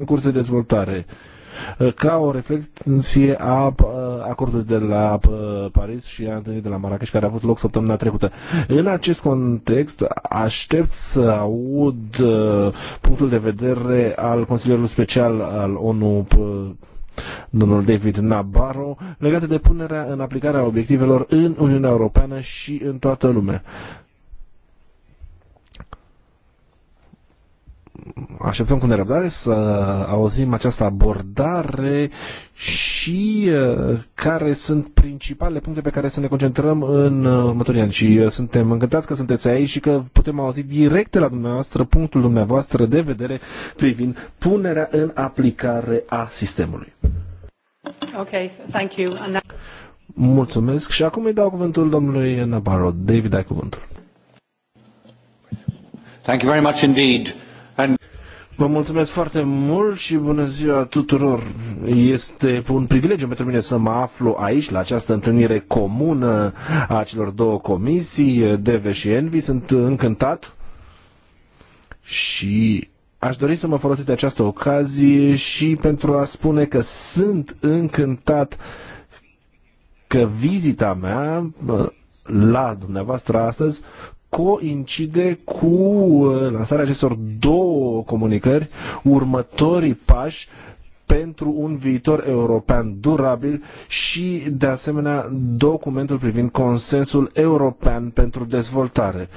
în curs de dezvoltare uh, ca o reflexie a uh, acordului de la uh, Paris și a întâlnirii de la Marrakesh care a avut loc săptămâna trecută. În acest context, aștept să aud punctul de vedere al Consiliului special al ONU domnul David Nabarro, legate de punerea în aplicare a obiectivelor în Uniunea Europeană și în toată lumea. așteptăm cu nerăbdare să auzim această abordare și uh, care sunt principalele puncte pe care să ne concentrăm în uh, următorii ani. Și uh, suntem încântați că sunteți aici și că putem auzi direct la dumneavoastră punctul dumneavoastră de vedere privind punerea în aplicare a sistemului. Ok, thank you. And... Mulțumesc și acum îi dau cuvântul domnului Nabarro. David, ai cuvântul. Thank you very much indeed. Vă mulțumesc foarte mult și bună ziua tuturor. Este un privilegiu pentru mine să mă aflu aici, la această întâlnire comună a celor două comisii, DV și Envi. Sunt încântat și aș dori să mă folosesc de această ocazie și pentru a spune că sunt încântat că vizita mea la dumneavoastră astăzi coincide cu uh, lansarea acestor două comunicări, următorii pași pentru un viitor european durabil și, de asemenea, documentul privind consensul european pentru dezvoltare.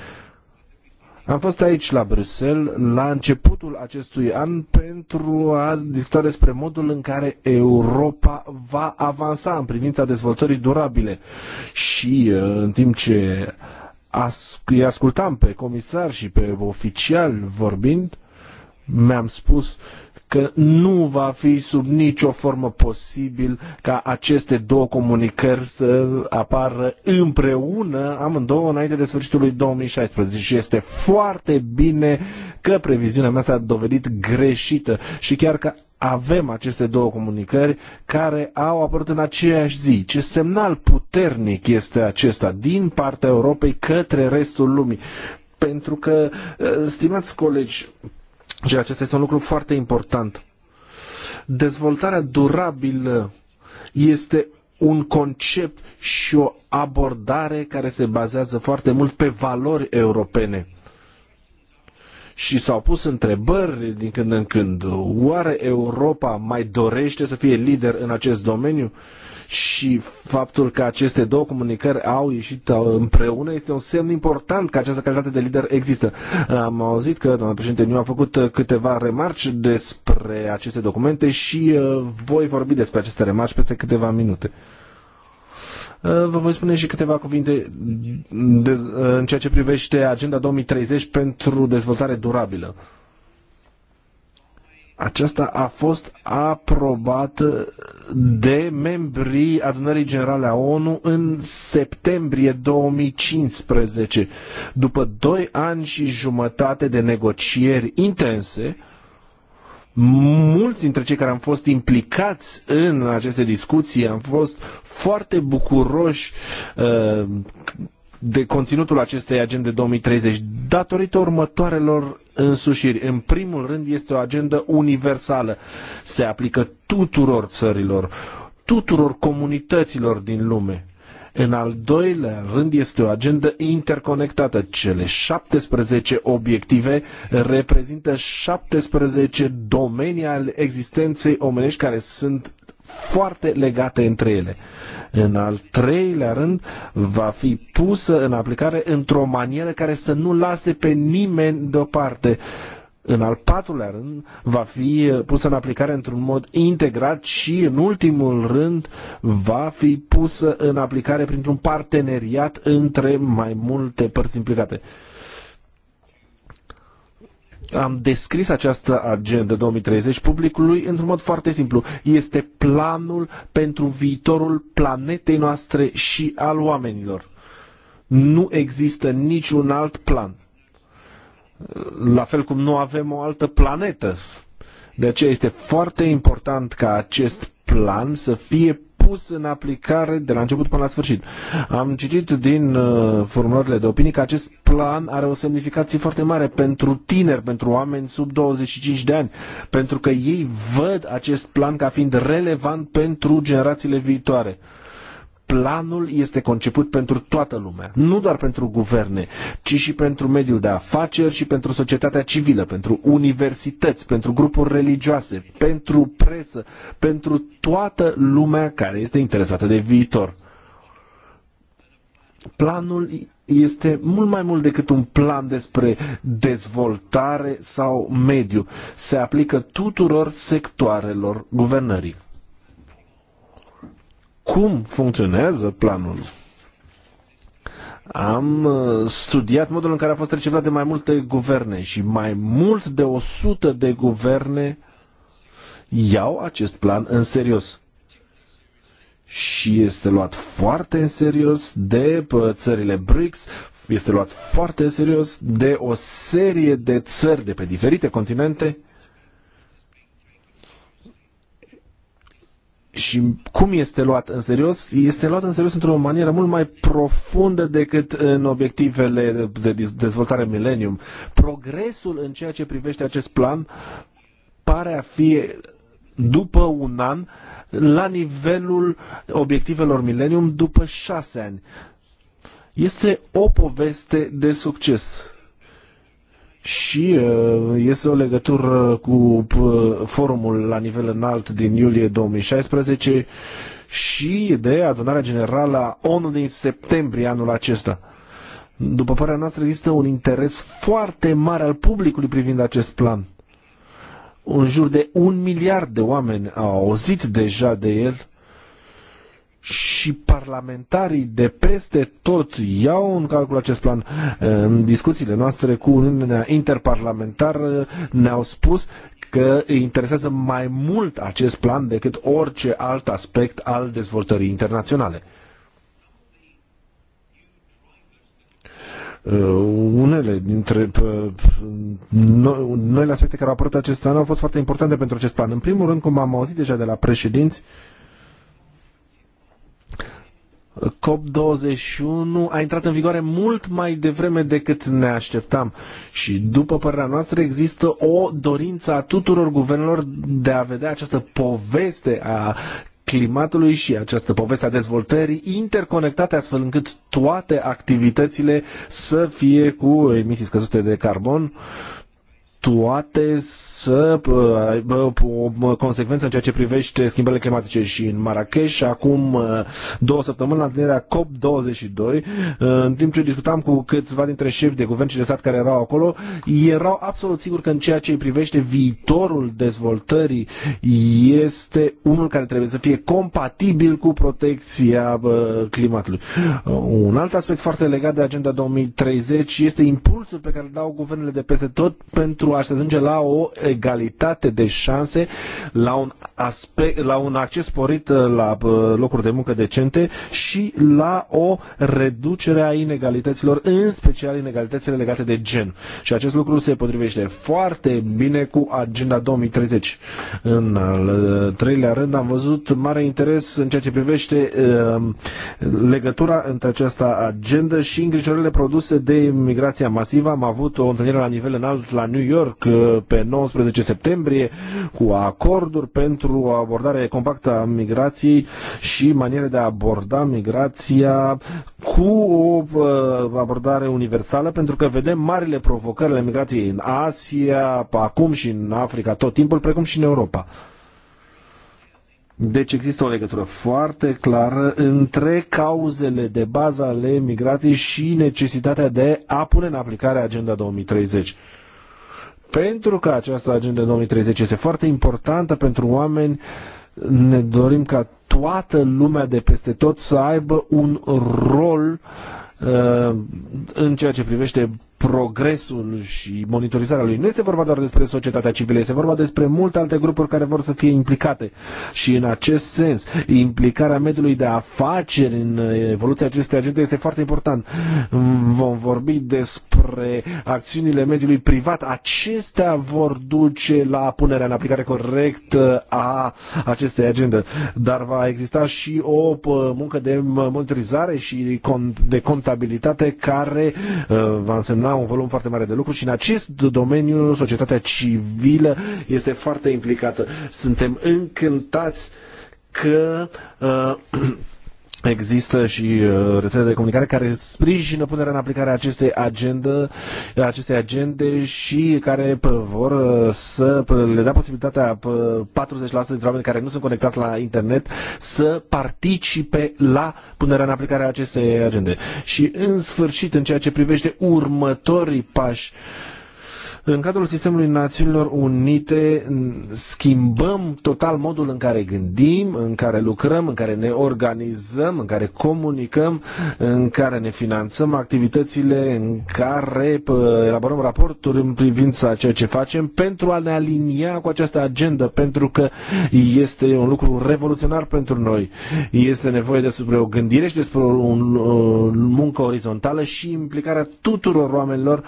Am fost aici la Bruxelles la începutul acestui an pentru a discuta despre modul în care Europa va avansa în privința dezvoltării durabile. Și uh, în timp ce îi ascultam pe comisar și pe oficial vorbind, mi-am spus că nu va fi sub nicio formă posibil ca aceste două comunicări să apară împreună, amândouă, înainte de sfârșitul lui 2016. Și este foarte bine că previziunea mea s-a dovedit greșită și chiar că avem aceste două comunicări care au apărut în aceeași zi. Ce semnal puternic este acesta din partea Europei către restul lumii? Pentru că, eh, stimați colegi, și acesta este un lucru foarte important, dezvoltarea durabilă este un concept și o abordare care se bazează foarte mult pe valori europene și s-au pus întrebări din când în când. Oare Europa mai dorește să fie lider în acest domeniu? Și faptul că aceste două comunicări au ieșit împreună este un semn important că această calitate de lider există. Am auzit că doamna președinte nu a făcut uh, câteva remarci despre aceste documente și uh, voi vorbi despre aceste remarci peste câteva minute. Uh, vă voi spune și câteva cuvinte uh, în ceea ce privește Agenda 2030 pentru dezvoltare durabilă. Aceasta a fost aprobată de membrii Adunării Generale a ONU în septembrie 2015, după doi ani și jumătate de negocieri intense, uh, mulți dintre cei care am fost implicați în aceste discuții, am fost foarte bucuroși uh, de conținutul acestei agende 2030 datorită următoarelor însușiri. În primul rând este o agendă universală. Se aplică tuturor țărilor, tuturor comunităților din lume. În al doilea rând este o agendă interconectată. Cele 17 obiective reprezintă 17 domenii ale existenței omenești care sunt foarte legate între ele. În al treilea rând, va fi pusă în aplicare într-o manieră care să nu lase pe nimeni deoparte în al patrulea rând, va fi uh, pusă în aplicare într-un mod integrat și, în ultimul rând, va fi pusă în aplicare printr-un parteneriat între mai multe părți implicate. Am descris această agendă 2030 publicului într-un mod foarte simplu. Este planul pentru viitorul planetei noastre și al oamenilor. Nu există niciun alt plan la fel cum nu avem o altă planetă. De aceea este foarte important ca acest plan să fie pus în aplicare de la început până la sfârșit. Am citit din uh, formulările de opinie că acest plan are o semnificație foarte mare pentru tineri, pentru oameni sub 25 de ani, pentru că ei văd acest plan ca fiind relevant pentru generațiile viitoare planul este conceput pentru toată lumea, nu doar pentru guverne, ci și pentru mediul de afaceri și pentru societatea civilă, pentru universități, pentru grupuri religioase, pentru presă, pentru toată lumea care este interesată de viitor. Planul este mult mai mult decât un plan despre dezvoltare sau mediu. Se aplică tuturor sectoarelor guvernării cum funcționează planul. Am uh, studiat modul în care a fost receptat de mai multe guverne și mai mult de 100 de guverne iau acest plan în serios. Și este luat foarte în serios de uh, țările BRICS, este luat foarte în serios de o serie de țări de pe diferite continente și cum este luat în serios, este luat în serios într-o manieră mult mai profundă decât în obiectivele de dezvoltare milenium. Progresul în ceea ce privește acest plan pare a fi după un an la nivelul obiectivelor milenium după șase ani. Este o poveste de succes și uh, este o legătură cu uh, forumul la nivel înalt din iulie 2016 și de adunarea generală ONU din septembrie anul acesta. După părerea noastră, există un interes foarte mare al publicului privind acest plan. În jur de un miliard de oameni au auzit deja de el și parlamentarii de peste tot iau în calcul acest plan. În discuțiile noastre cu Uniunea Interparlamentară ne-au spus că îi interesează mai mult acest plan decât orice alt aspect al dezvoltării internaționale. Uh, unele dintre uh, noile aspecte care au apărut acest an au fost foarte importante pentru acest plan. În primul rând, cum am auzit deja de la președinți, uh, COP21 a intrat în vigoare mult mai devreme decât ne așteptam și după părerea noastră există o dorință a tuturor guvernelor de a vedea această poveste a climatului și această poveste a dezvoltării interconectate astfel încât toate activitățile să fie cu emisii scăzute de carbon uh, toate să uh, aibă o consecvență în ceea ce privește schimbările climatice și în Marrakesh acum uh, două săptămâni la întâlnirea COP22 uh, în timp ce discutam cu câțiva dintre șefi de guvern și de stat care erau acolo erau absolut sigur că în ceea ce îi privește viitorul dezvoltării este unul care trebuie să fie compatibil cu protecția climatului. Un alt aspect foarte legat de agenda 2030 este impulsul pe care îl dau guvernele de peste tot pentru pentru a se ajunge la o egalitate de șanse, la un, aspect, la un acces sporit uh, la uh, locuri de muncă decente și la o reducere a inegalităților, în special inegalitățile legate de gen. Și acest lucru se potrivește foarte bine cu Agenda 2030. În al uh, treilea rând am văzut mare interes în ceea ce privește legătura între această agendă și îngrijorările produse de migrația masivă. Am avut o întâlnire la nivel înalt la New York York pe 19 septembrie cu acorduri pentru o abordare compactă a migrației și maniere de a aborda migrația cu o uh, abordare universală pentru că vedem marile provocări ale migrației în Asia, acum și în Africa tot timpul, precum și în Europa. Deci există o legătură foarte clară între cauzele de bază ale migrației și necesitatea de a pune în aplicare Agenda 2030. Pentru că această agenda 2030 este foarte importantă pentru oameni, ne dorim ca toată lumea de peste tot să aibă un rol uh, în ceea ce privește progresul și monitorizarea lui. Nu este vorba doar despre societatea civilă, este vorba despre multe alte grupuri care vor să fie implicate. Și în acest sens, implicarea mediului de afaceri în evoluția acestei agende este foarte important. Vom vorbi despre acțiunile mediului privat. Acestea vor duce la punerea în aplicare corectă a acestei agende. Dar va exista și o muncă de monitorizare și de contabilitate care uh, va însemna exprima un volum foarte mare de lucru și în acest domeniu societatea civilă este foarte implicată. Suntem încântați că uh, Există și uh, rețele de comunicare care sprijină punerea în aplicare a acestei agende, acestei agende și care uh, vor uh, să le dea posibilitatea 40% dintre oameni care nu sunt conectați la internet să participe la punerea în aplicare a acestei agende. Și în sfârșit, în ceea ce privește următorii pași, uh, în cadrul sistemului Națiunilor Unite schimbăm total modul în care gândim, în care lucrăm, în care ne organizăm, în care comunicăm, în care ne finanțăm activitățile, în care elaborăm raporturi în privința ceea ce facem pentru a ne alinia cu această agendă, pentru că este un lucru revoluționar pentru noi. Este nevoie despre o gândire și despre o muncă orizontală și implicarea tuturor oamenilor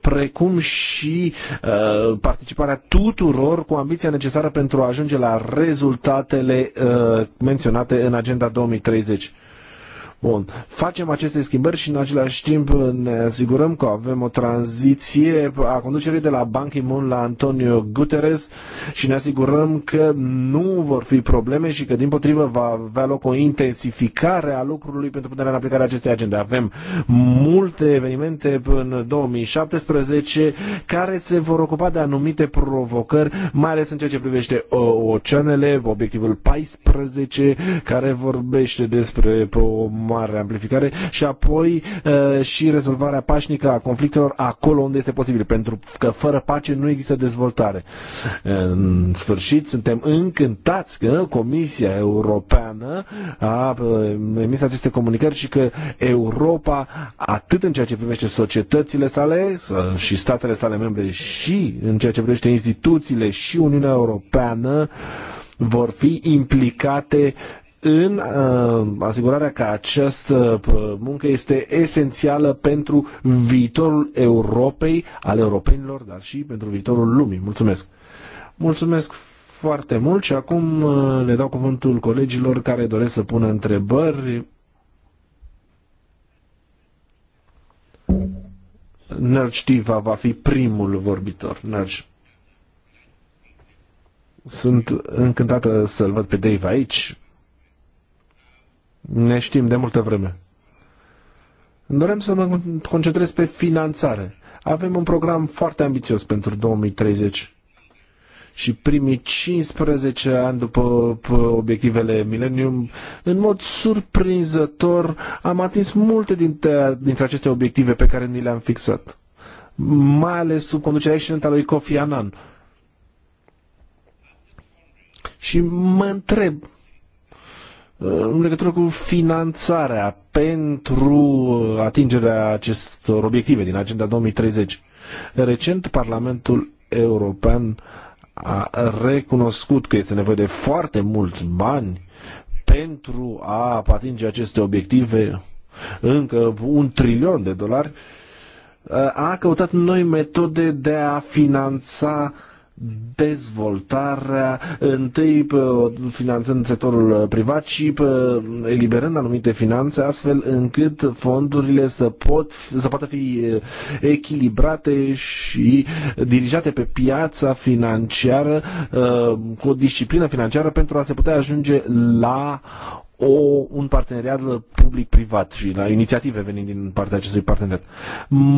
precum și uh, participarea tuturor cu ambiția necesară pentru a ajunge la rezultatele uh, menționate în Agenda 2030. Bun, facem aceste schimbări și în același timp ne asigurăm că avem o tranziție a conducerii de la Ban Ki-moon la Antonio Guterres și ne asigurăm că nu vor fi probleme și că din potrivă va avea loc o intensificare a lucrului pentru punerea în aplicare a acestei agende. Avem multe evenimente în 2017 care se vor ocupa de anumite provocări, mai ales în ceea ce privește uh, oceanele, obiectivul 14, care vorbește despre o mare amplificare și apoi uh, și rezolvarea pașnică a conflictelor acolo unde este posibil, pentru că fără pace nu există dezvoltare. În sfârșit, suntem încântați că Comisia Europeană a uh, emis aceste comunicări și că Europa, atât în ceea ce privește societățile sale uh, și statele sale membre și în ceea ce privește instituțiile și Uniunea Europeană, vor fi implicate în uh, asigurarea că această uh, muncă este esențială pentru viitorul Europei, al europenilor, dar și pentru viitorul lumii. Mulțumesc! Mulțumesc foarte mult și acum uh, le dau cuvântul colegilor care doresc să pună întrebări. Tiva va fi primul vorbitor. Nărci. Sunt încântată să-l văd pe Dave aici ne știm de multă vreme. Dorem să mă concentrez pe finanțare. Avem un program foarte ambițios pentru 2030 și primii 15 ani după obiectivele Millennium, în mod surprinzător, am atins multe dintre, dintre aceste obiective pe care ni le-am fixat. Mai ales sub conducerea excelentă a lui Kofi Annan. Și mă întreb în legătură cu finanțarea pentru uh, atingerea acestor obiective din Agenda 2030. Recent, Parlamentul European a recunoscut că este nevoie de foarte mulți bani pentru a atinge aceste obiective, încă un trilion de dolari, uh, a căutat noi metode de a finanța uh, dezvoltarea, întâi finanțând sectorul uh, privat și uh, eliberând anumite finanțe, astfel încât fondurile să, pot, să poată fi uh, echilibrate și dirijate pe piața financiară cu o disciplină financiară pentru a se putea ajunge la o, un parteneriat public-privat și la inițiative venind din partea acestui parteneriat.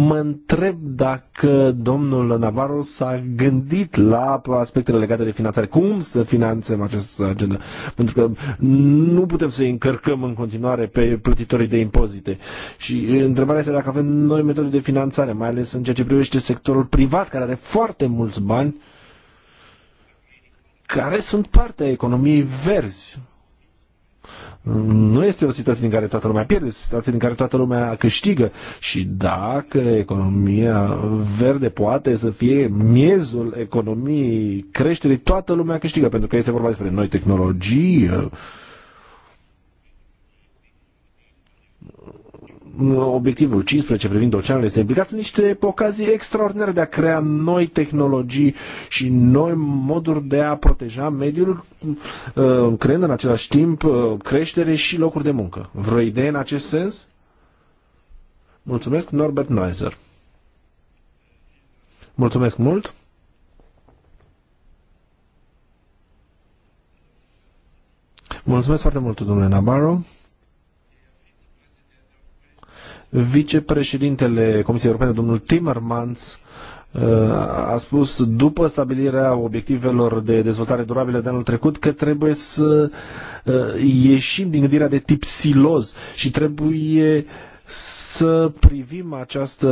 Mă întreb dacă domnul Navarro s-a gândit la aspectele legate de finanțare. Cum să finanțăm această agenda? Pentru că nu putem să încărcăm în continuare pe plătitorii de impozite. Și întrebarea este dacă avem noi metode de finanțare, mai ales în ceea ce privește sectorul privat, care are foarte mulți bani, care sunt partea economiei verzi nu este o situație din care toată lumea pierde, este o situație din care toată lumea câștigă. Și dacă economia verde poate să fie miezul economiei creșterii, toată lumea câștigă, pentru că este vorba despre noi tehnologii, obiectivul 15 privind oceanele este implicat în niște ocazii extraordinare de a crea noi tehnologii și noi moduri de a proteja mediul, uh, creând în același timp uh, creștere și locuri de muncă. Vreo idee în acest sens? Mulțumesc, Norbert Neuser. Mulțumesc mult! Mulțumesc foarte mult, domnule Nabarro. Vicepreședintele Comisiei Europene, domnul Timmermans, uh, a spus după stabilirea obiectivelor de dezvoltare durabilă de anul trecut că trebuie să uh, ieșim din gândirea de tip siloz și trebuie să privim această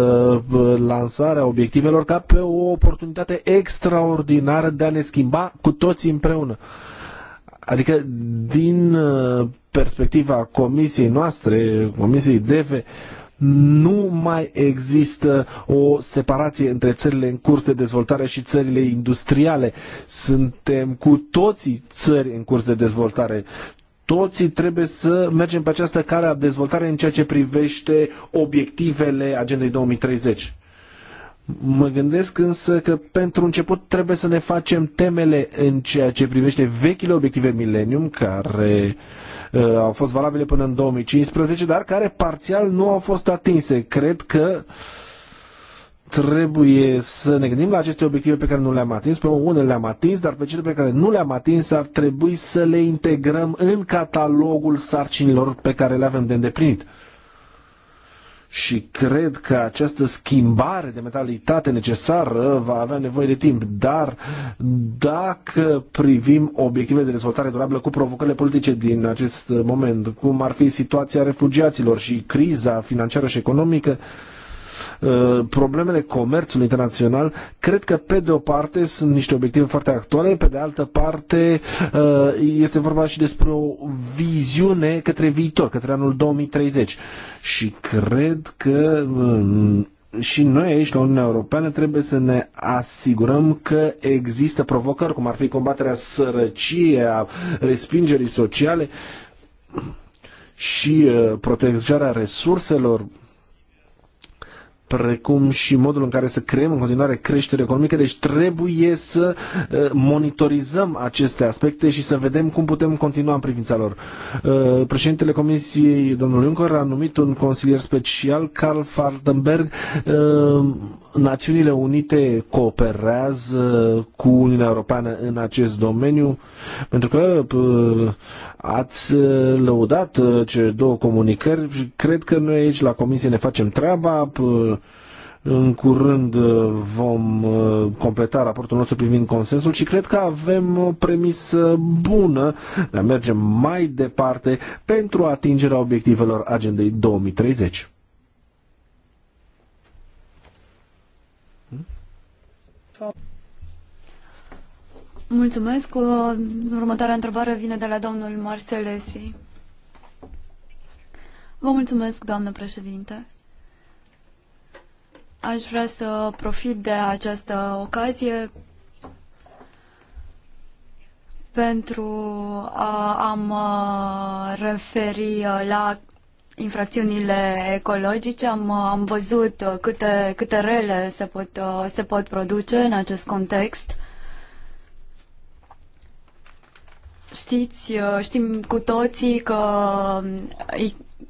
uh, lansare a obiectivelor ca pe o oportunitate extraordinară de a ne schimba cu toți împreună. Adică din perspectiva comisiei noastre, comisiei DEVE, nu mai există o separație între țările în curs de dezvoltare și țările industriale. Suntem cu toții țări în curs de dezvoltare toții trebuie să mergem pe această cale a dezvoltare în ceea ce privește obiectivele agendei 2030. Mă gândesc însă că pentru început trebuie să ne facem temele în ceea ce privește vechile obiective Millennium, care uh, au fost valabile până în 2015, dar care parțial nu au fost atinse. Cred că trebuie să ne gândim la aceste obiective pe care nu le-am atins, pe unele le-am atins, dar pe cele pe care nu le-am atins ar trebui să le integrăm în catalogul sarcinilor pe care le avem de îndeplinit și cred că această schimbare de mentalitate necesară va avea nevoie de timp, dar dacă privim obiectivele de dezvoltare durabilă cu provocările politice din acest moment, cum ar fi situația refugiaților și criza financiară și economică, Uh, problemele comerțului internațional, cred că pe de o parte sunt niște obiective foarte actuale, pe de altă parte uh, este vorba și despre o viziune către viitor, către anul 2030. Și cred că uh, și noi aici la Uniunea Europeană trebuie să ne asigurăm că există provocări, cum ar fi combaterea sărăciei, a respingerii sociale și protejarea resurselor precum și modul în care să creăm în continuare creștere economică. Deci trebuie să uh, monitorizăm aceste aspecte și să vedem cum putem continua în privința lor. Uh, președintele Comisiei, domnul Juncker, a numit un consilier special, Karl Fardenberg. Uh, Națiunile Unite cooperează cu Uniunea Europeană în acest domeniu, pentru că ați lăudat cele două comunicări. Cred că noi aici la Comisie ne facem treaba, în curând uh, vom uh, completa raportul nostru privind consensul și cred că avem o premisă bună de a merge mai departe pentru atingerea obiectivelor agendei 2030. Mulțumesc. Următoarea întrebare vine de la domnul Marcelesi. Vă mulțumesc, doamnă președinte. Aș vrea să profit de această ocazie pentru a mă referi la infracțiunile ecologice. Am, am văzut câte, câte rele se pot, se pot produce în acest context. Știți, știm cu toții că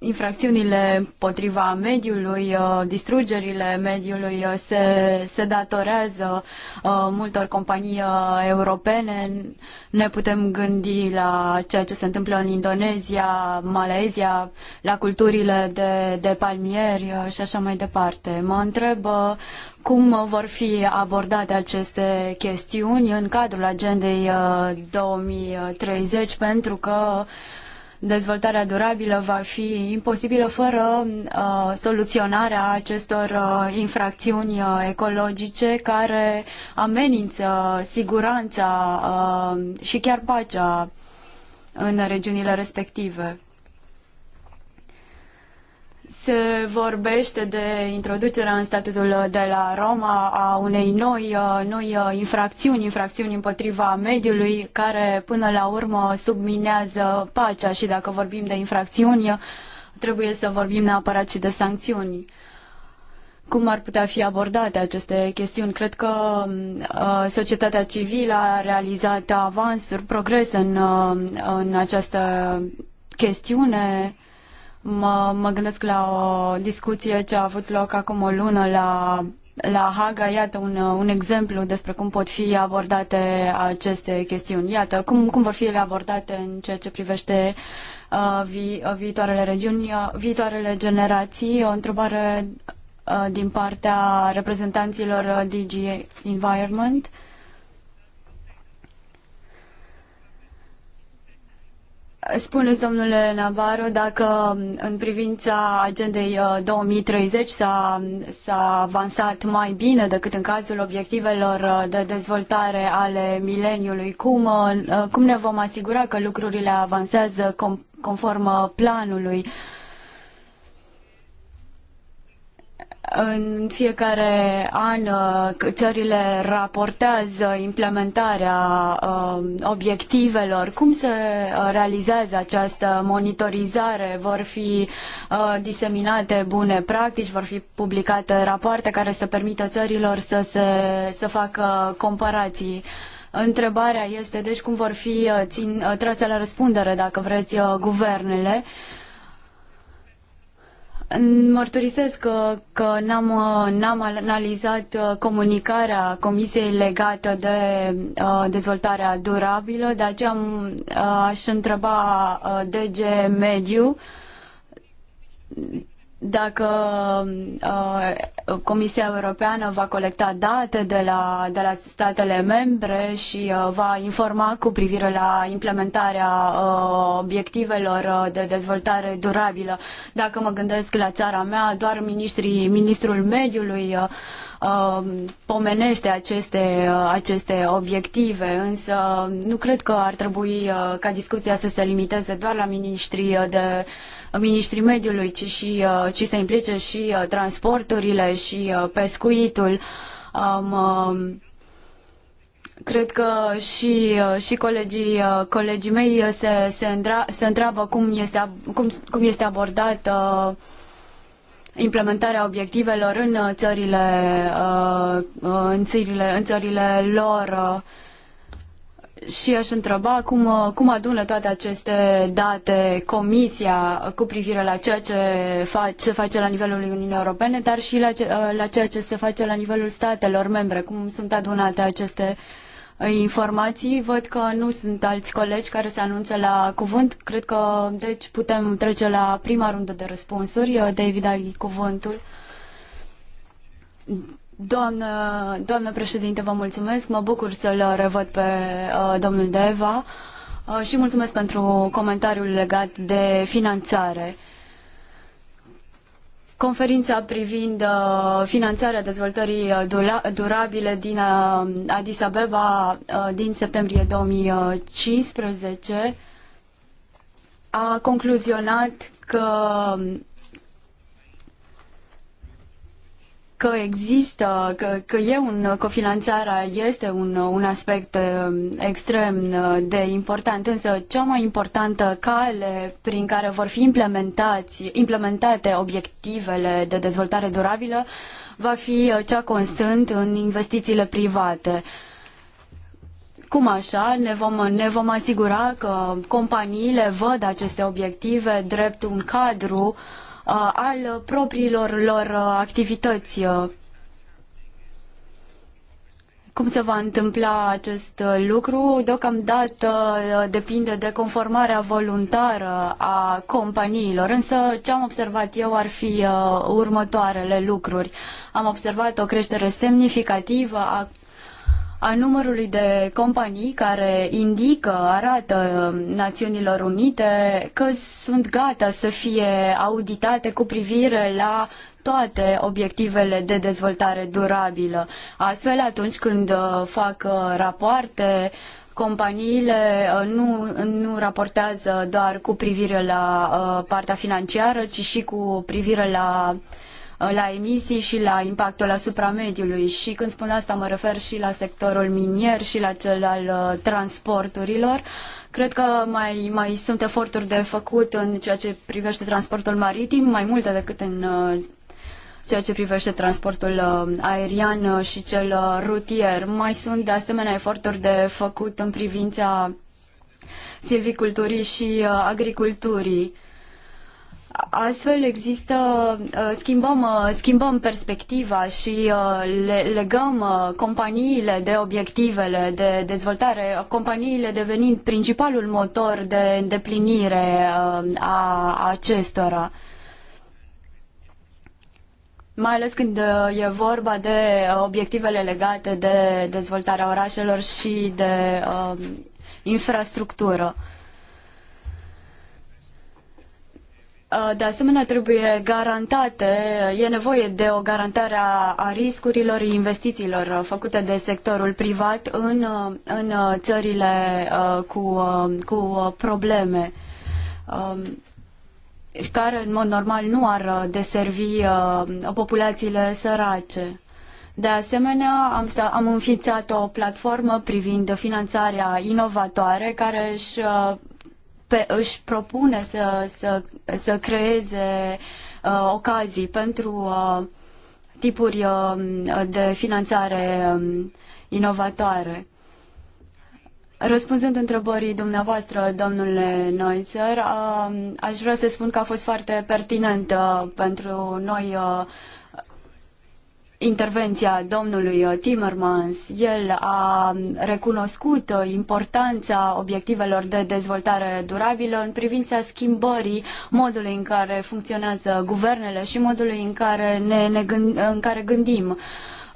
infracțiunile împotriva mediului, uh, distrugerile mediului uh, se, se datorează uh, multor companii europene. Ne putem gândi la ceea ce se întâmplă în Indonezia, Malezia, la culturile de, de palmieri și așa mai departe. Mă întreb cum vor fi abordate aceste chestiuni în cadrul agendei 2030 pentru că dezvoltarea durabilă va fi imposibilă fără uh, soluționarea acestor uh, infracțiuni uh, ecologice care amenință siguranța uh, și chiar pacea în regiunile respective. Se vorbește de introducerea în statutul de la Roma a unei noi, uh, noi uh, infracțiuni, infracțiuni împotriva mediului, care până la urmă subminează pacea și dacă vorbim de infracțiuni, trebuie să vorbim neapărat și de sancțiuni. Cum ar putea fi abordate aceste chestiuni? Cred că mm, uh, societatea civilă a realizat avansuri, progres în, în această chestiune. Uh, Mă, mă gândesc la o discuție ce a avut loc acum o lună la, la Haga. Iată un, un exemplu despre cum pot fi abordate aceste chestiuni. Iată cum, cum vor fi ele abordate în ceea ce privește uh, vi, uh, viitoarele regiuni, uh, viitoarele generații. O întrebare uh, din partea reprezentanților uh, DG Environment. Uh, spune domnule Navarro, dacă în privința agendei 2030 uh, s-a, s-a avansat mai bine decât în cazul obiectivelor uh, de dezvoltare ale mileniului, cum, uh, cum ne vom asigura că lucrurile avansează conform planului? În fiecare an uh, țările raportează implementarea uh, obiectivelor. Cum se uh, realizează această monitorizare? Vor fi diseminate bune practici, vor fi publicate rapoarte care să permită țărilor să, se, să facă comparații. Întrebarea este, deci, cum vor fi țin, trase la răspundere, dacă vreți, guvernele uh, Mărturisesc că, că n-am, uh, n-am analizat uh, comunicarea Comisiei legată de uh, dezvoltarea durabilă, de aceea am, aș întreba DG Mediu dacă uh, Comisia Europeană va colecta date de la, de la statele membre și uh, va informa cu privire la implementarea uh, obiectivelor uh, de dezvoltare durabilă. Dacă mă gândesc la țara mea, doar ministrii, ministrul mediului uh, Um, pomenește aceste, uh, aceste obiective, însă nu cred că ar trebui uh, ca discuția să se limiteze doar la ministrii uh, de ministrii mediului, ci, și, ci să implice și transporturile și pescuitul. Um, um, cred că și, și colegii, colegii mei se, se, întreabă cum este, cum, cum este abordată uh, implementarea obiectivelor în uh, țările, uh, uh, în țările, în țările lor și aș întreba cum, cum adună toate aceste date Comisia cu privire la ceea ce, fa, ce face la nivelul Uniunii Europene, dar și la, ce la ceea ce se face la nivelul statelor membre, cum sunt adunate aceste uh, informații. Văd că nu sunt alți colegi care se anunță la cuvânt. Cred că, deci, putem trece la prima rundă de răspunsuri. David, ai cuvântul. Doamnă, doamnă președinte, vă mulțumesc. Mă bucur să-l revăd pe uh, domnul Deva uh, și mulțumesc pentru comentariul legat de finanțare. Uh, conferința privind uh, finanțarea dezvoltării uh, durabile din uh, Addis Abeba din septembrie 2015 a concluzionat că că există, că, că e un, cofinanțarea este un, un aspect um, extrem uh, de important, însă cea mai importantă cale prin care vor fi implementați, implementate obiectivele de dezvoltare durabilă va fi uh, cea constant în investițiile private. Cum așa? Ne vom, ne vom asigura că companiile văd aceste obiective drept un cadru uh, Uh, al propriilor lor uh, activități. Uh. Cum se va întâmpla acest lucru? Deocamdată depinde de conformarea voluntară a companiilor, însă ce am observat eu ar fi următoarele lucruri. Am observat o creștere semnificativă a a numărului de companii care indică, arată Națiunilor Unite că sunt gata să fie auditate cu privire la toate obiectivele de dezvoltare durabilă. Astfel, atunci când uh, fac uh, rapoarte, companiile uh, nu, nu raportează doar cu privire la partea financiară, ci și cu privire la uh, la emisii și la impactul asupra mediului și când spun asta mă refer și la sectorul minier și la cel al uh, transporturilor. Cred că mai, mai sunt eforturi de făcut în ceea ce privește transportul maritim, mai multe decât în uh, ceea ce privește transportul uh, aerian și cel rutier. Mai sunt de asemenea eforturi de făcut în privința silviculturii și agriculturii. Astfel există, uh, schimbăm, uh, schimbăm perspectiva și uh, legăm companiile de obiectivele de dezvoltare, companiile devenind principalul motor de îndeplinire a acestora. Mai ales când e vorba de obiectivele legate de dezvoltarea orașelor și de infrastructură. Uh, de asemenea, trebuie garantate, e nevoie de o garantare a, a riscurilor investițiilor uh, făcute de sectorul privat în, uh, în țările cu, cu probleme um, care în mod normal nu ar deservi populațiile sărace. De asemenea, am, am înființat o platformă privind finanțarea inovatoare care își pe, își propune să, să, să creeze uh, ocazii pentru uh, tipuri uh, de finanțare um, inovatoare. Răspunzând întrebării dumneavoastră, domnule Noizer, uh, aș vrea să spun că a fost foarte pertinentă pentru noi uh, intervenția domnului Timmermans. El a recunoscut importanța obiectivelor de dezvoltare durabilă în privința schimbării modului în care funcționează guvernele și modului în care, ne, ne gând, în care gândim uh,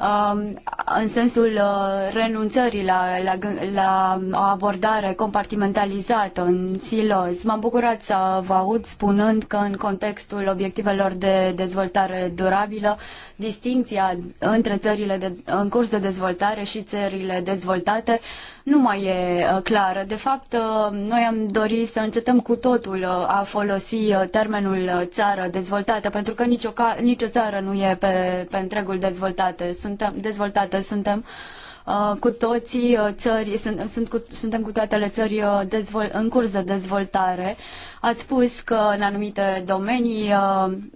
Um, în sensul uh, renunțării la, la, la o abordare compartimentalizată în silos. M-am bucurat să vă aud spunând că în contextul obiectivelor de dezvoltare durabilă, distinția între țările de, în curs de dezvoltare și țările dezvoltate uh, nu mai e uh, clară. De fapt, uh, noi am dorit să încetăm cu totul uh, a folosi termenul țară dezvoltată, pentru că nicio, nicio țară nu e pe, pe întregul dezvoltate. Suntem, dezvoltată. Suntem cu toții țări, sunt, sunt cu, suntem cu toatele țări dezvol, în curs de dezvoltare. Ați spus că în anumite domenii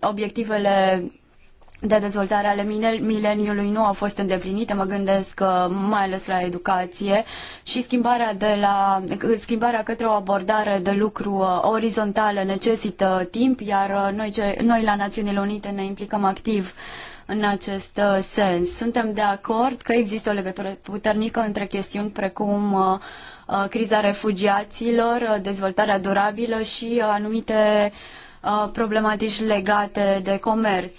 obiectivele de dezvoltare ale mileniului nu au fost îndeplinite, mă gândesc uh, mai ales la educație și schimbarea, de la, schimbarea către o abordare de lucru uh, orizontală necesită timp, iar uh, noi, ce, noi la Națiunile Unite ne implicăm activ în acest sens. Suntem de acord că există o legătură puternică între chestiuni precum criza refugiaților, dezvoltarea durabilă și anumite problematici legate de comerț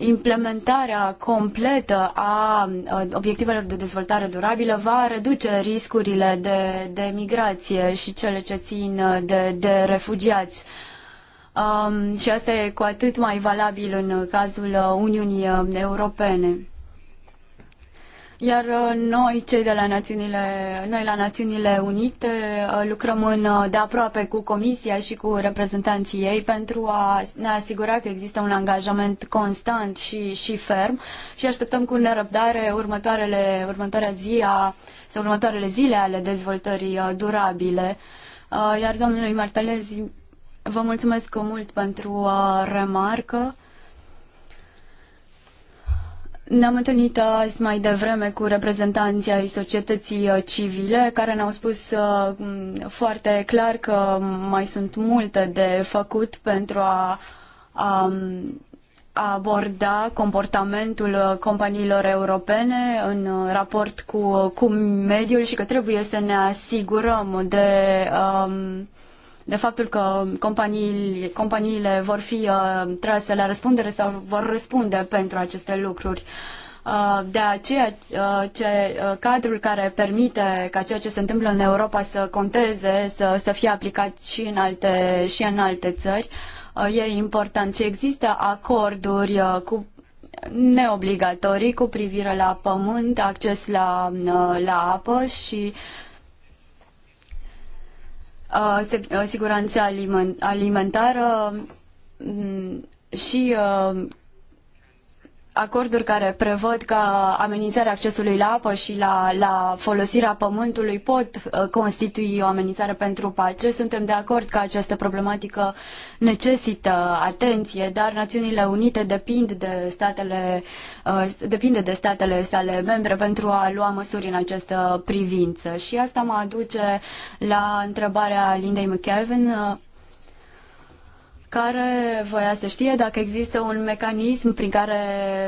implementarea completă a obiectivelor de dezvoltare durabilă va reduce riscurile de, de migrație și cele ce țin uh, de, de refugiați. Um, și asta e cu atât mai valabil în cazul uh, Uniunii uh, Europene. Iar uh, noi, cei de la Națiunile, noi la Națiunile Unite, uh, lucrăm în, uh, de aproape cu Comisia și cu reprezentanții ei pentru a ne asigura că există un angajament constant și, și ferm și așteptăm cu nerăbdare următoarele, următoarea zi a, sau următoarele zile ale dezvoltării durabile. Iar domnului Martelezi, vă mulțumesc mult pentru remarcă. Ne-am întâlnit azi mai devreme cu reprezentanții ai societății uh, civile care ne-au spus uh, foarte clar că mai sunt multe de făcut pentru a, a, aborda comportamentul uh, companiilor europene în raport cu, cu mediul și că trebuie să ne asigurăm de um, de faptul că companiile companiile vor fi uh, trase la răspundere sau vor răspunde pentru aceste lucruri. Uh, de aceea, uh, ce, uh, cadrul care permite ca ceea ce se întâmplă în Europa să conteze, să, să fie aplicat și în alte, și în alte țări, e important. Și există acorduri cu neobligatorii cu privire la pământ, acces la, la apă și Uh, uh, siguranța alimentară mm, și uh, acorduri care prevăd că amenințarea accesului la apă și la, la folosirea pământului pot uh, constitui o amenințare pentru pace. Suntem de acord că această problematică necesită atenție, dar Națiunile Unite depind de statele, uh, depinde de statele sale membre pentru a lua măsuri în această privință. Și asta mă aduce la întrebarea Lindei McKevin uh, care voia să știe dacă există un mecanism prin care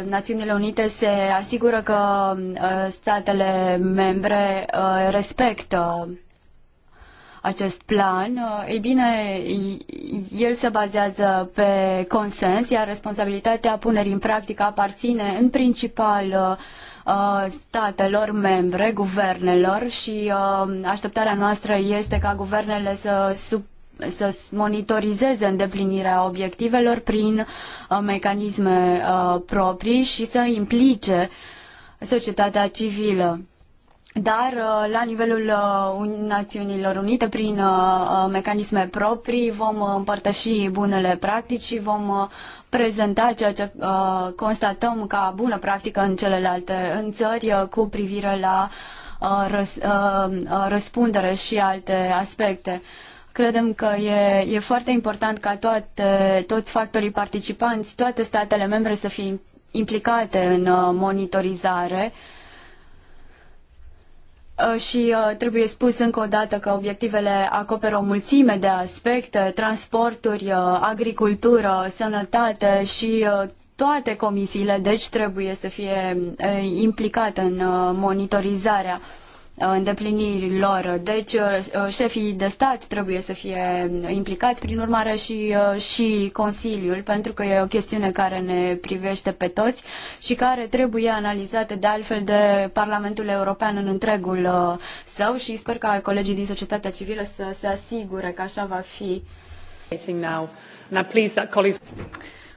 Națiunile Unite se asigură că uh, statele membre uh, respectă acest plan. Uh, ei bine, el se bazează pe consens, iar responsabilitatea punerii în practică aparține în principal statelor membre, guvernelor și așteptarea noastră este ca guvernele să sub să monitorizeze îndeplinirea obiectivelor prin uh, mecanisme uh, proprii și să implice societatea civilă dar uh, la nivelul Națiunilor Unite, prin mecanisme proprii, vom împărtăși bunele practici și vom prezenta ceea ce constatăm ca bună practică în celelalte în țări cu privire la răspundere și alte aspecte. Credem că e, e foarte important ca toate, toți factorii participanți, toate statele membre să fie implicate în uh, monitorizare uh, și uh, trebuie spus încă o dată că obiectivele acoperă o mulțime de aspecte, transporturi, agricultură, sănătate și toate comisiile, deci trebuie să fie implicate în monitorizarea Uh, îndeplinirii lor. Deci uh, uh, șefii de stat trebuie să fie implicați, prin urmare și, și Consiliul, pentru că e o chestiune care ne privește pe toți și care trebuie analizată de altfel de Parlamentul European în întregul său și sper ca colegii din societatea civilă să se asigure că așa va fi. Now. Now, please, colleagues.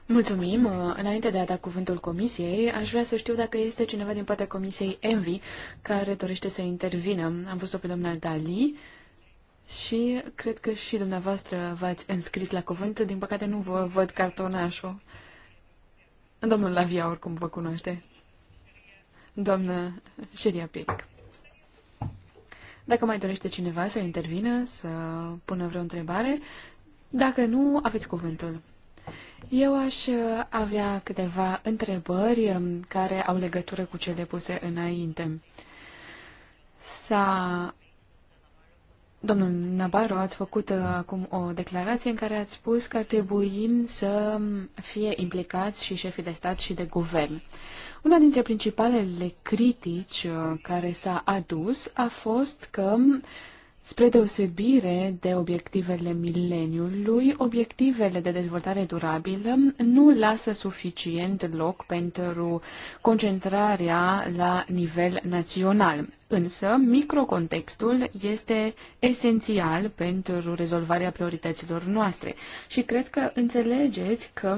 Mulțumim. Uh, înainte de a da cuvântul comisiei, aș vrea să știu dacă este cineva din partea comisiei Envi care dorește să intervină. Am văzut-o pe domnul Dali și cred că și dumneavoastră v-ați înscris la cuvânt. Din păcate nu vă văd cartonașul. Domnul Lavia oricum vă cunoaște. Doamnă Sheria Pic. Dacă mai dorește cineva să intervină, să pună vreo întrebare, dacă nu, aveți cuvântul. Eu aș uh, avea câteva întrebări um, care au legătură cu cele puse înainte. S-a... Domnul Nabarro, ați făcut uh, acum o declarație în care ați spus că ar trebui să um, fie implicați și șefii de stat și de guvern. Una dintre principalele critici uh, care s-a adus a fost că uh, Spre deosebire de obiectivele mileniului, obiectivele de dezvoltare durabilă nu lasă suficient loc pentru concentrarea la nivel național. Însă, microcontextul este esențial pentru rezolvarea priorităților noastre și cred că înțelegeți că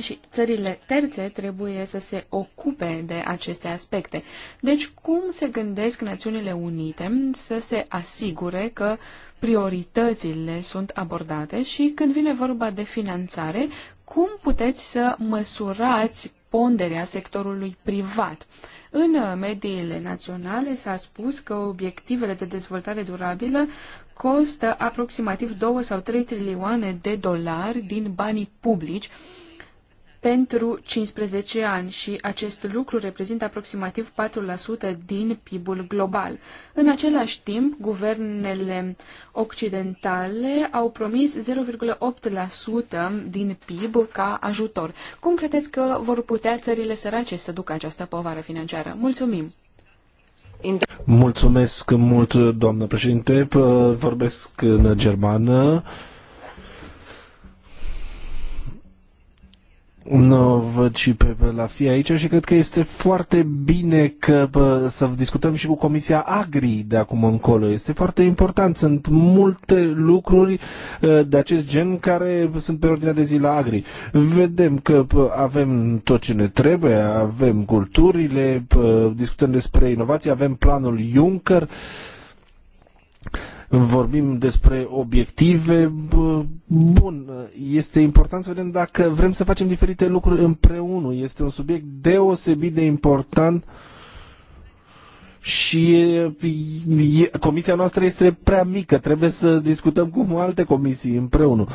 și țările terțe trebuie să se ocupe de aceste aspecte. Deci, cum se gândesc Națiunile Unite să se asigure că prioritățile sunt abordate și când vine vorba de finanțare, cum puteți să măsurați ponderea sectorului privat? În mediile naționale s-a spus că obiectivele de dezvoltare durabilă costă aproximativ 2 sau 3 trilioane de dolari din banii publici, pentru 15 ani și acest lucru reprezintă aproximativ 4% din PIB-ul global. În același timp, guvernele occidentale au promis 0,8% din PIB ca ajutor. Cum credeți că vor putea țările sărace să ducă această povară financiară? Mulțumim! Mulțumesc mult, doamnă președinte. Vorbesc în germană. Nu văd și pe, pe la fi aici și cred că este foarte bine că bă, să discutăm și cu Comisia Agri de acum încolo. Este foarte important. Sunt multe lucruri ă, de acest gen care sunt pe ordinea de zi la Agri. Vedem că bă, avem tot ce ne trebuie, avem culturile, bă, discutăm despre inovații, avem planul Juncker vorbim despre obiective, bun, este important să vedem dacă vrem să facem diferite lucruri împreună. Este un subiect deosebit de important și e, comisia noastră este prea mică, trebuie să discutăm cu alte comisii împreună.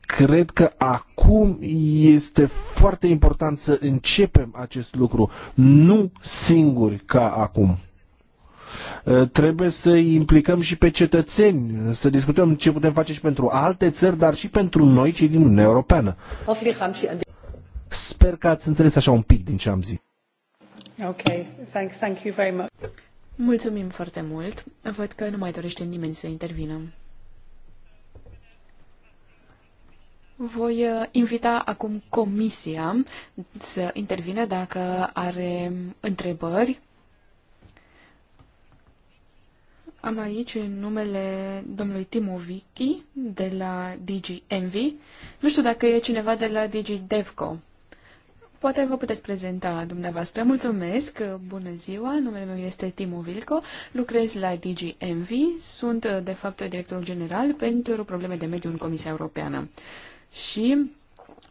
Cred că acum este foarte important să începem acest lucru, nu singuri ca acum. Eh, trebuie să implicăm și pe cetățeni, să discutăm ce putem face și pentru alte țări, dar și pentru noi, cei din Uniunea Europeană. Sper că ați înțeles așa un pic din ce am zis. Ok, thank, thank you very much. Mulțumim foarte mult. Văd că nu mai dorește nimeni să intervină. Voi eh, invita acum comisia să intervine dacă are întrebări Am aici numele domnului Timovichi de la DG Envy. Nu știu dacă e cineva de la DG Devco. Poate vă puteți prezenta dumneavoastră. Mulțumesc, bună ziua, numele meu este Timo Vilco, lucrez la DG Envy, sunt de fapt directorul general pentru probleme de mediu în Comisia Europeană. Și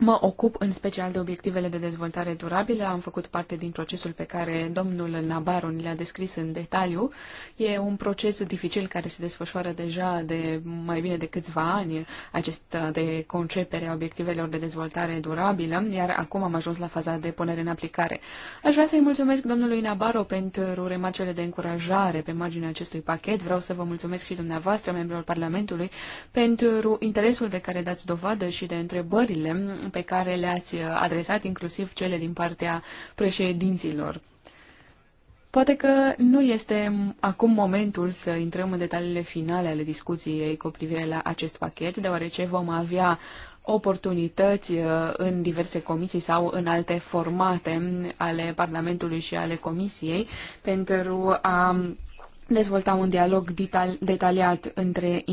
Mă ocup în special de obiectivele de dezvoltare durabilă. Am făcut parte din procesul pe care domnul Nabaron le-a descris în detaliu. E un proces dificil care se desfășoară deja de mai bine de câțiva ani, acest de concepere a obiectivelor de dezvoltare durabilă, iar acum am ajuns la faza de punere în aplicare. Aș vrea să-i mulțumesc domnului Nabaro pentru remarcele de încurajare pe marginea acestui pachet. Vreau să vă mulțumesc și dumneavoastră, membrilor Parlamentului, pentru interesul de care dați dovadă și de întrebările pe care le-ați uh, adresat, inclusiv cele din partea președinților. Poate că nu este acum momentul să intrăm în detaliile finale ale discuției cu privire la acest pachet, deoarece vom avea oportunități uh, în diverse comisii sau în alte formate ale Parlamentului și ale Comisiei pentru a dezvolta un dialog detaliat între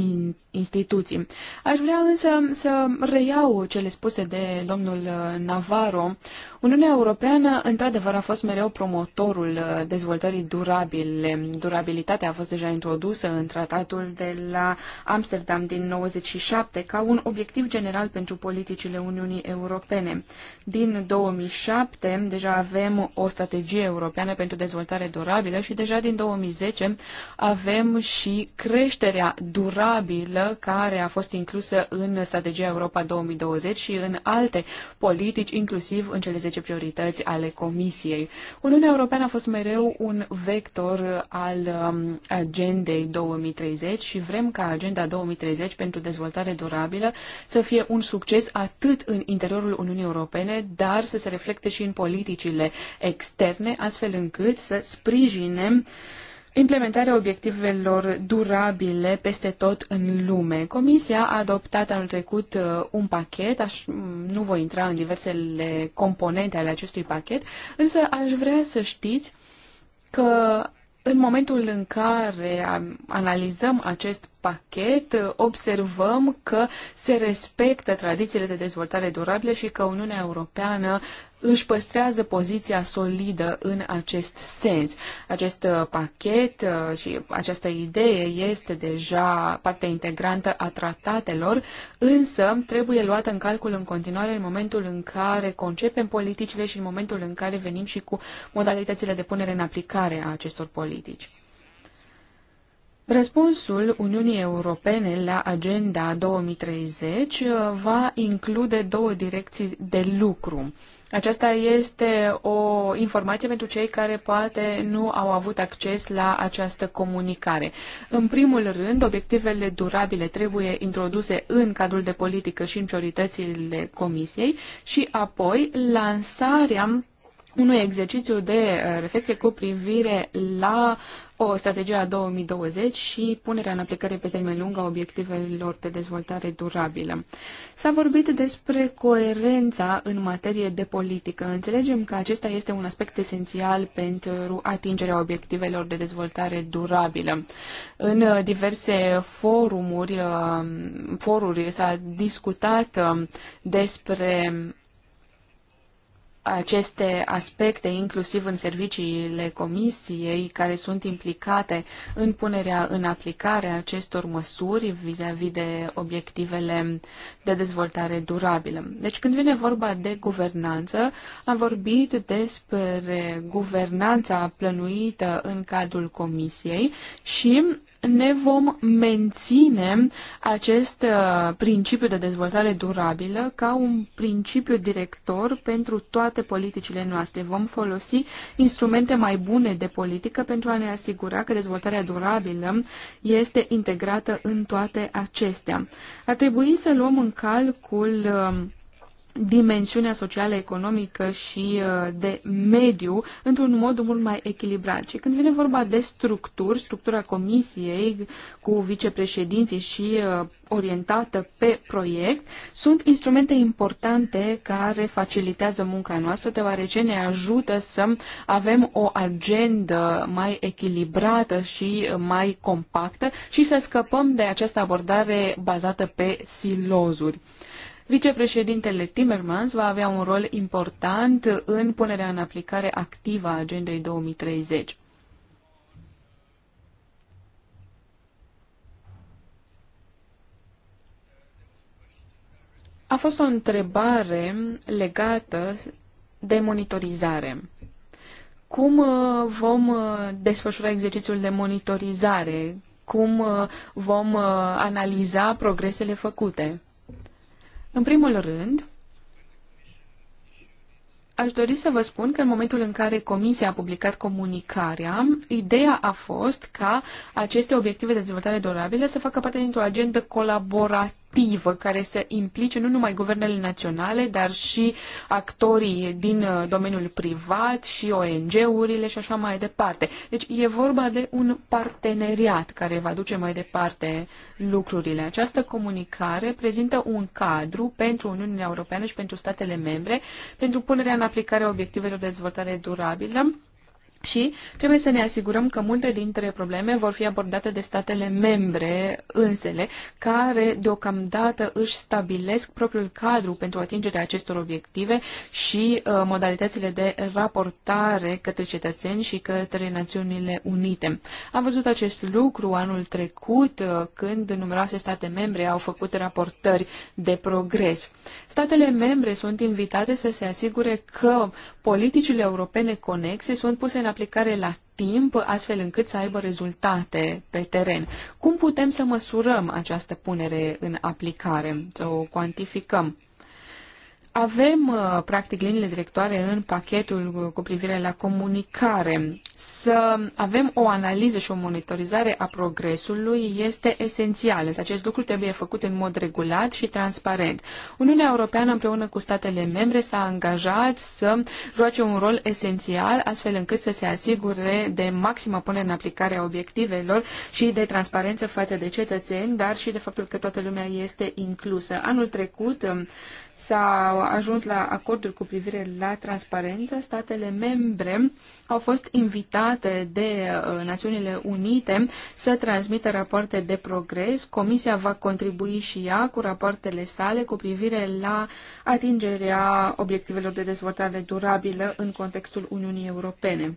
instituții. Aș vrea însă să reiau cele spuse de domnul uh, Navarro. Uniunea Europeană, într-adevăr, a fost mereu promotorul uh, dezvoltării durabile. Durabilitatea a fost deja introdusă în tratatul de la Amsterdam din 97 ca un obiectiv general pentru politicile Uniunii Europene. Din 2007 deja avem o strategie europeană pentru dezvoltare durabilă și deja din 2010 avem și creșterea durabilă care a fost inclusă în strategia Europa 2020 și în alte politici, inclusiv în cele 10 priorități ale Comisiei. Uniunea Europeană a fost mereu un vector al um, agendei 2030 și vrem ca agenda 2030 pentru dezvoltare durabilă să fie un succes atât în interiorul Uniunii Europene, dar să se reflecte și în politicile externe, astfel încât să sprijinem uh, implementarea obiectivelor durabile peste tot în lume. Comisia a adoptat anul trecut uh, un pachet, aș, mm, nu voi intra în diversele componente ale acestui pachet, însă aș vrea să știți că în momentul în care analizăm acest pachet observăm că se respectă tradițiile de dezvoltare durabilă și că Uniunea Europeană își păstrează poziția solidă în acest sens. Acest uh, pachet uh, și această idee este deja parte integrantă a tratatelor, însă trebuie luată în calcul în continuare în momentul în care concepem politicile și în momentul în care venim și cu modalitățile de punere în aplicare a acestor politici. Răspunsul Uniunii Europene la Agenda 2030 uh, va include două direcții de lucru. Aceasta este o informație pentru cei care poate nu au avut acces la această comunicare. În primul rând, obiectivele durabile trebuie introduse în cadrul de politică și în prioritățile Comisiei și apoi lansarea unui exercițiu de uh, reflexie cu privire la o strategie a 2020 și punerea în aplicare pe termen lung a obiectivelor de dezvoltare durabilă. S-a vorbit despre coerența în materie de politică. Înțelegem că acesta este un aspect esențial pentru atingerea obiectivelor de dezvoltare durabilă. În diverse forumuri, um, foruri s-a discutat um, despre aceste aspecte, inclusiv în serviciile comisiei care sunt implicate în punerea în aplicare a acestor măsuri vis-a-vis -vis de obiectivele de dezvoltare durabilă. Deci când vine vorba de guvernanță, am vorbit despre guvernanța plănuită în cadrul comisiei și ne vom menține acest uh, principiu de dezvoltare durabilă ca un principiu director pentru toate politicile noastre. Vom folosi instrumente mai bune de politică pentru a ne asigura că dezvoltarea durabilă este integrată în toate acestea. Ar trebui să luăm în calcul um, dimensiunea socială, economică și uh, de mediu într-un mod mult mai echilibrat. Și când vine vorba de structuri, structura comisiei cu vicepreședinții și uh, orientată pe proiect, sunt instrumente importante care facilitează munca noastră, deoarece ne ajută să avem o agendă mai echilibrată și mai compactă și să scăpăm de această abordare bazată pe silozuri. Vicepreședintele Timmermans va avea un rol important în punerea în aplicare activă a Agendei 2030. A fost o întrebare legată de monitorizare. Cum uh, vom uh, desfășura exercițiul de monitorizare? Cum uh, vom analiza progresele făcute? În primul rând, aș dori să vă spun că în momentul în care Comisia a publicat comunicarea, ideea a fost ca aceste obiective de dezvoltare durabilă să facă parte dintr-o agendă colaborativă activă care să implice nu numai guvernele naționale, dar și actorii din uh, domeniul privat și ONG-urile și așa mai departe. Deci e vorba de un parteneriat care va duce mai departe lucrurile. Această comunicare prezintă un cadru pentru Uniunea Europeană și pentru statele membre pentru punerea în aplicare a obiectivelor de dezvoltare durabilă și trebuie să ne asigurăm că multe dintre probleme vor fi abordate de statele membre însele, care deocamdată își stabilesc propriul cadru pentru atingerea acestor obiective și uh, modalitățile de raportare către cetățeni și către Națiunile Unite. Am văzut acest lucru anul trecut, uh, când numeroase state membre au făcut raportări de progres. Statele membre sunt invitate să se asigure că politicile europene conexe sunt puse în aplicare la timp, astfel încât să aibă rezultate pe teren. Cum putem să măsurăm această punere în aplicare, să o cuantificăm? Avem, uh, practic, liniile directoare în pachetul uh, cu privire la comunicare. Să avem o analiză și o monitorizare a progresului este esențial. Acest lucru trebuie făcut în mod regulat și transparent. Uniunea Europeană, împreună cu statele membre, s-a angajat să joace un rol esențial, astfel încât să se asigure de maximă punere în aplicare a obiectivelor și de transparență față de cetățeni, dar și de faptul că toată lumea este inclusă. Anul trecut, um, s-au ajuns la acorduri cu privire la transparență, statele membre au fost invitate de uh, Națiunile Unite să transmită rapoarte de progres. Comisia va contribui și ea cu rapoartele sale cu privire la atingerea obiectivelor de dezvoltare durabilă în contextul Uniunii Europene.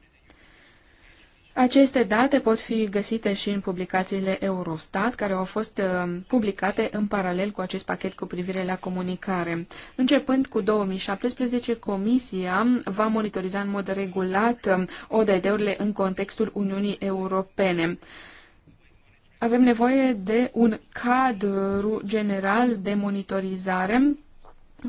Aceste date pot fi găsite și în publicațiile Eurostat, care au fost uh, publicate în paralel cu acest pachet cu privire la comunicare. Începând cu 2017, Comisia va monitoriza în mod regulat uh, ODD-urile în contextul Uniunii Europene. Avem nevoie de un cadru general de monitorizare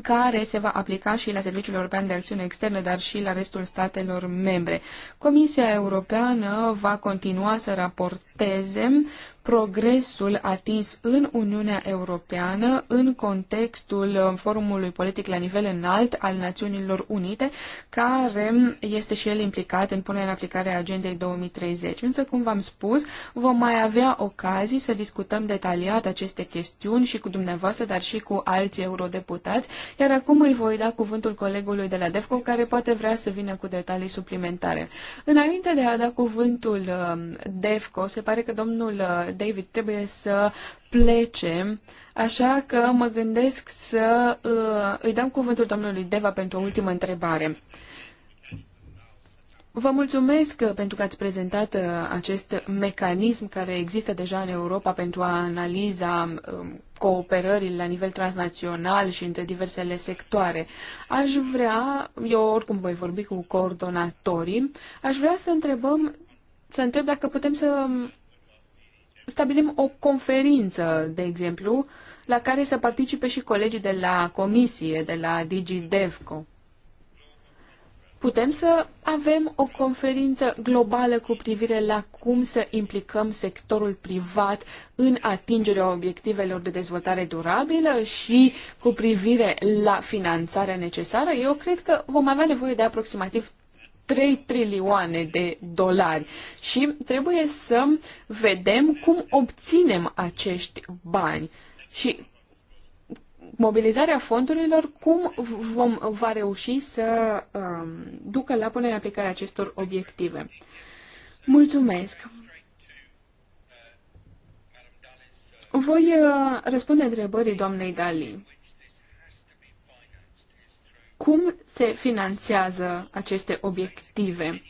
care se va aplica și la Serviciul European de Acțiune Externă, dar și la restul statelor membre. Comisia Europeană va continua să raporteze progresul atins în Uniunea Europeană în contextul uh, forumului politic la nivel înalt al Națiunilor Unite, care este și el implicat în punerea în aplicare a Agendei 2030. Însă, cum v-am spus, vom mai avea ocazii să discutăm detaliat aceste chestiuni și cu dumneavoastră, dar și cu alți eurodeputați, iar acum îi voi da cuvântul colegului de la DEFCO, care poate vrea să vină cu detalii suplimentare. Înainte de a da cuvântul uh, DEFCO, se pare că domnul uh, David trebuie să plece, așa că mă gândesc să uh, îi dăm cuvântul domnului Deva pentru o ultimă întrebare. Vă mulțumesc pentru că ați prezentat uh, acest mecanism care există deja în Europa pentru a analiza um, cooperării la nivel transnațional și între diversele sectoare. Aș vrea, eu oricum voi vorbi cu coordonatorii, aș vrea să întrebăm să întreb dacă putem să um, stabilim o conferință, de exemplu, la care să participe și colegii de la comisie, de la DigiDevco. Putem să avem o conferință globală cu privire la cum să implicăm sectorul privat în atingerea obiectivelor de dezvoltare durabilă și cu privire la finanțarea necesară. Eu cred că vom avea nevoie de aproximativ 3 trilioane de dolari și trebuie să vedem cum obținem acești bani și mobilizarea fondurilor, cum vom, va reuși să um, ducă la punerea aplicare acestor obiective. Mulțumesc! Voi uh, răspunde întrebării doamnei Dali cum se finanțează aceste obiective?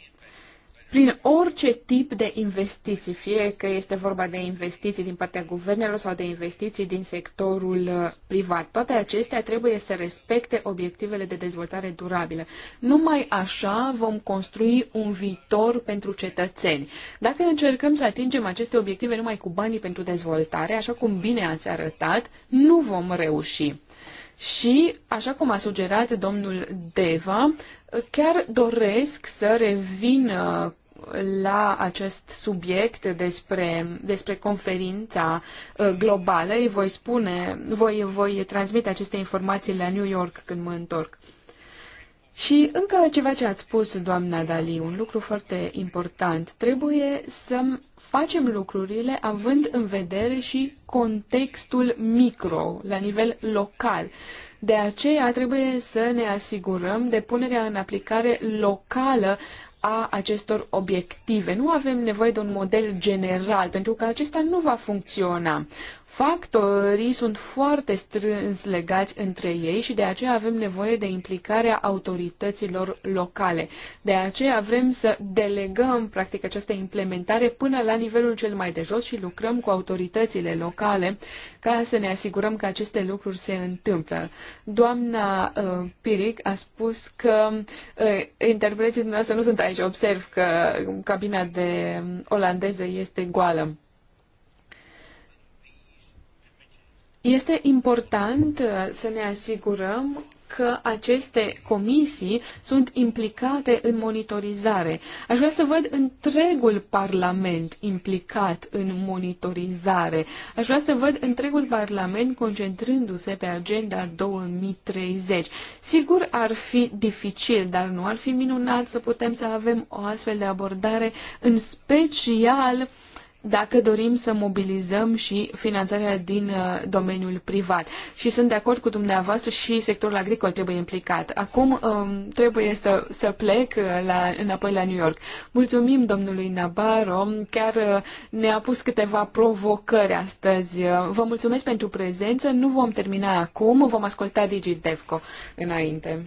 Prin orice tip de investiții, fie că este vorba de investiții din partea guvernelor sau de investiții din sectorul uh, privat, toate acestea trebuie să respecte obiectivele de dezvoltare durabilă. Numai așa vom construi un viitor pentru cetățeni. Dacă încercăm să atingem aceste obiective numai cu banii pentru dezvoltare, așa cum bine ați arătat, nu vom reuși și, așa cum a sugerat domnul Deva, chiar doresc să revin uh, la acest subiect despre, despre conferința uh, globală. Îi voi spune, voi, voi transmite aceste informații la New York când mă întorc. Și încă ceva ce ați spus, doamna Dali, un lucru foarte important. Trebuie să facem lucrurile având în vedere și contextul micro, la nivel local. De aceea trebuie să ne asigurăm de punerea în aplicare locală a acestor obiective. Nu avem nevoie de un model general, pentru că acesta nu va funcționa. Factorii sunt foarte strâns legați între ei și de aceea avem nevoie de implicarea autorităților locale. De aceea vrem să delegăm, practic, această implementare până la nivelul cel mai de jos și lucrăm cu autoritățile locale ca să ne asigurăm că aceste lucruri se întâmplă. Doamna uh, Piric a spus că uh, interpreții dumneavoastră nu sunt aici, observ că cabina de olandeză este goală. Este important uh, să ne asigurăm că aceste comisii sunt implicate în monitorizare. Aș vrea să văd întregul Parlament implicat în monitorizare. Aș vrea să văd întregul Parlament concentrându-se pe agenda 2030. Sigur ar fi dificil, dar nu ar fi minunat să putem să avem o astfel de abordare, în special dacă dorim să mobilizăm și finanțarea din uh, domeniul privat. Și sunt de acord cu dumneavoastră și sectorul agricol trebuie implicat. Acum um, trebuie să, să plec uh, la, înapoi la New York. Mulțumim domnului Nabaro, chiar uh, ne-a pus câteva provocări astăzi. Vă mulțumesc pentru prezență, nu vom termina acum, vom asculta DigiDevco înainte.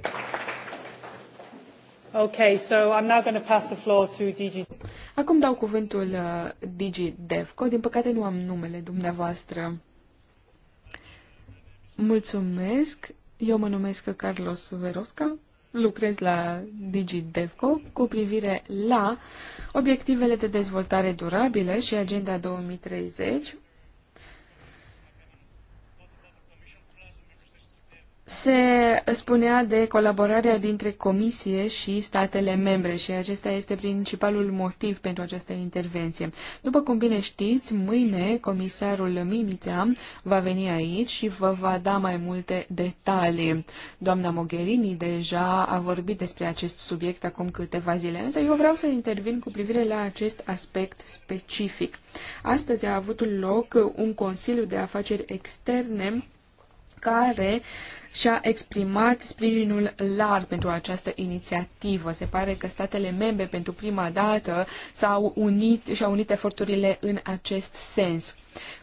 Thank you. Okay, so I'm now going to pass the floor to DG. Acum dau cuvântul uh, DG Devco. Din păcate nu am numele dumneavoastră. Mulțumesc. Eu mă numesc Carlos Verosca. Lucrez la DG Devco cu privire la obiectivele de dezvoltare durabile și Agenda 2030, se spunea de colaborarea dintre Comisie și statele membre și acesta este principalul motiv pentru această intervenție. După cum bine știți, mâine comisarul Mimita va veni aici și vă va da mai multe detalii. Doamna Mogherini deja a vorbit despre acest subiect acum câteva zile, însă eu vreau să intervin cu privire la acest aspect specific. Astăzi a avut loc un Consiliu de Afaceri Externe care și-a exprimat sprijinul larg pentru această inițiativă. Se pare că statele membre pentru prima dată s-au unit și-au unit eforturile în acest sens.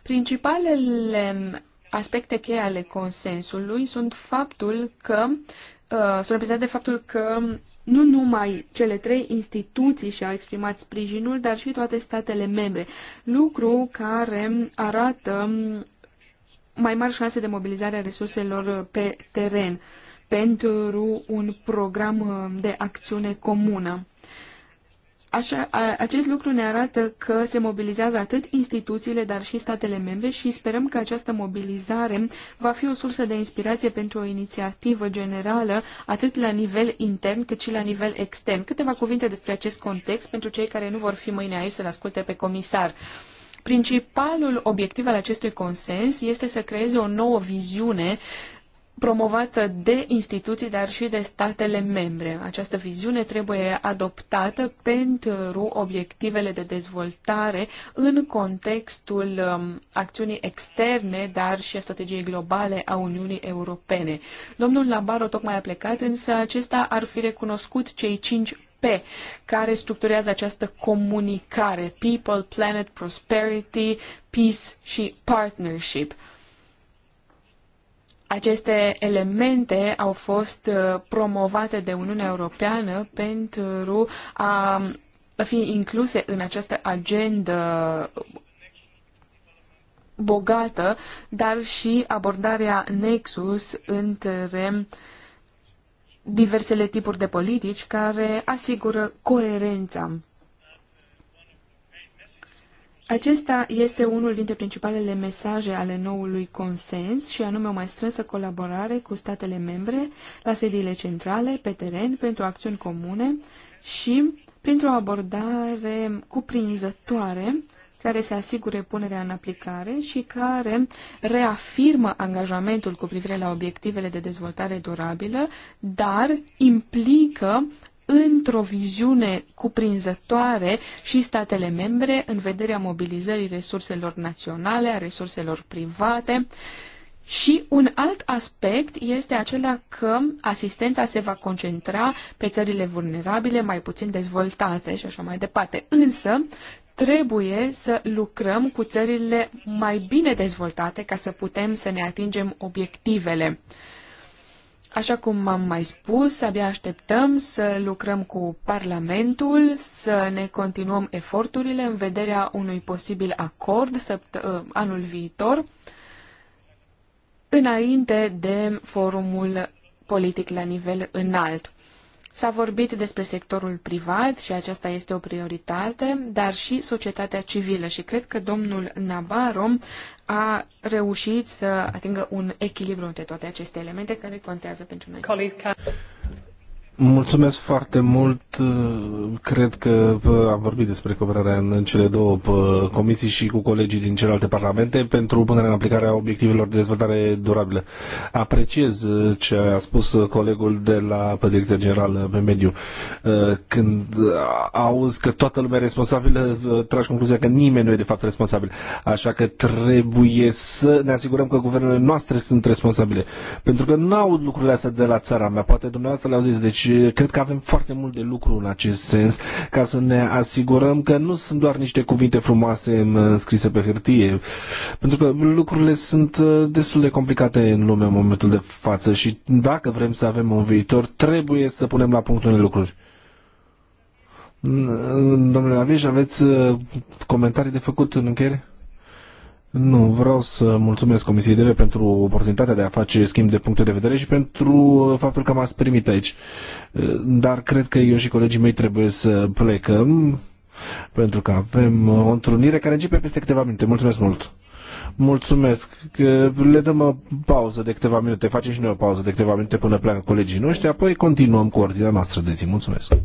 Principalele aspecte cheie ale consensului sunt faptul că uh, sunt reprezentate de faptul că nu numai cele trei instituții și-au exprimat sprijinul, dar și toate statele membre, lucru care arată um, mai mari șanse de mobilizare a resurselor uh, pe teren pentru un program uh, de acțiune comună. Așa, a, acest lucru ne arată că se mobilizează atât instituțiile, dar și statele membre și sperăm că această mobilizare va fi o sursă de inspirație pentru o inițiativă generală, atât la nivel intern cât și la nivel extern. Câteva cuvinte despre acest context pentru cei care nu vor fi mâine aici să-l asculte pe comisar. Uh, Principalul obiectiv al acestui consens este să creeze o nouă viziune promovată de instituții, dar și de statele membre. Această viziune trebuie adoptată pentru obiectivele de dezvoltare în contextul um, acțiunii externe, dar și a strategiei globale a Uniunii Europene. Domnul Labaro tocmai a plecat, însă acesta ar fi recunoscut cei cinci care structurează această comunicare People, Planet, Prosperity, Peace și Partnership. Aceste elemente au fost uh, promovate de Uniunea Europeană pentru a fi incluse în această agendă bogată, dar și abordarea nexus între uh, diversele tipuri de politici care asigură coerența. Acesta este unul dintre principalele mesaje ale noului consens și anume o mai strânsă colaborare cu statele membre la sediile centrale, pe teren, pentru acțiuni comune și printr-o abordare cuprinzătoare care se asigure punerea în aplicare și care reafirmă angajamentul cu privire la obiectivele de dezvoltare durabilă, dar implică într-o viziune cuprinzătoare și statele membre în vederea mobilizării resurselor naționale, a resurselor private, și un alt aspect este acela că asistența se va concentra pe țările vulnerabile, mai puțin dezvoltate și așa mai departe. Însă, trebuie să lucrăm cu țările mai bine dezvoltate ca să putem să ne atingem obiectivele. Așa cum am mai spus, abia așteptăm să lucrăm cu Parlamentul, să ne continuăm eforturile în vederea unui posibil acord ă, anul viitor, înainte de forumul politic la nivel înalt. S-a vorbit despre sectorul privat și aceasta este o prioritate, dar și societatea civilă și cred că domnul Nabarro a reușit să atingă un echilibru între toate aceste elemente care contează pentru noi. Mulțumesc foarte mult. Cred că am vorbit despre cooperarea în cele două comisii și cu colegii din celelalte parlamente pentru punerea în aplicare a obiectivelor de dezvoltare durabilă. Apreciez uh, ce a spus uh, colegul de la Direcția Generală pe Mediu. Uh, când auzi că toată lumea e responsabilă, tragi concluzia că nimeni nu e de fapt responsabil. Așa că trebuie să ne asigurăm că guvernele noastre sunt responsabile. Pentru că nu au lucrurile astea de la țara mea. Poate dumneavoastră le zis Deci deci eh, cred că avem foarte mult de lucru în acest sens ca să ne asigurăm că nu sunt doar niște cuvinte frumoase eh, scrise pe hârtie, pentru că lucrurile sunt eh, destul de complicate în lume în momentul de față și dacă vrem să avem un viitor, trebuie să punem la punct unele lucruri. Domnule Aviș, aveți comentarii de făcut în încheiere? Nu, vreau să mulțumesc Comisiei DV pentru oportunitatea de a face schimb de puncte de vedere și pentru uh, faptul că m-ați primit aici. Uh, dar cred că eu și colegii mei trebuie să plecăm pentru că avem uh, o întrunire care începe peste câteva minute. Mulțumesc mult! Mulțumesc. Le dăm o pauză de câteva minute. Facem și noi o pauză de câteva minute până pleacă colegii noștri, apoi continuăm cu ordinea noastră de zi. Mulțumesc!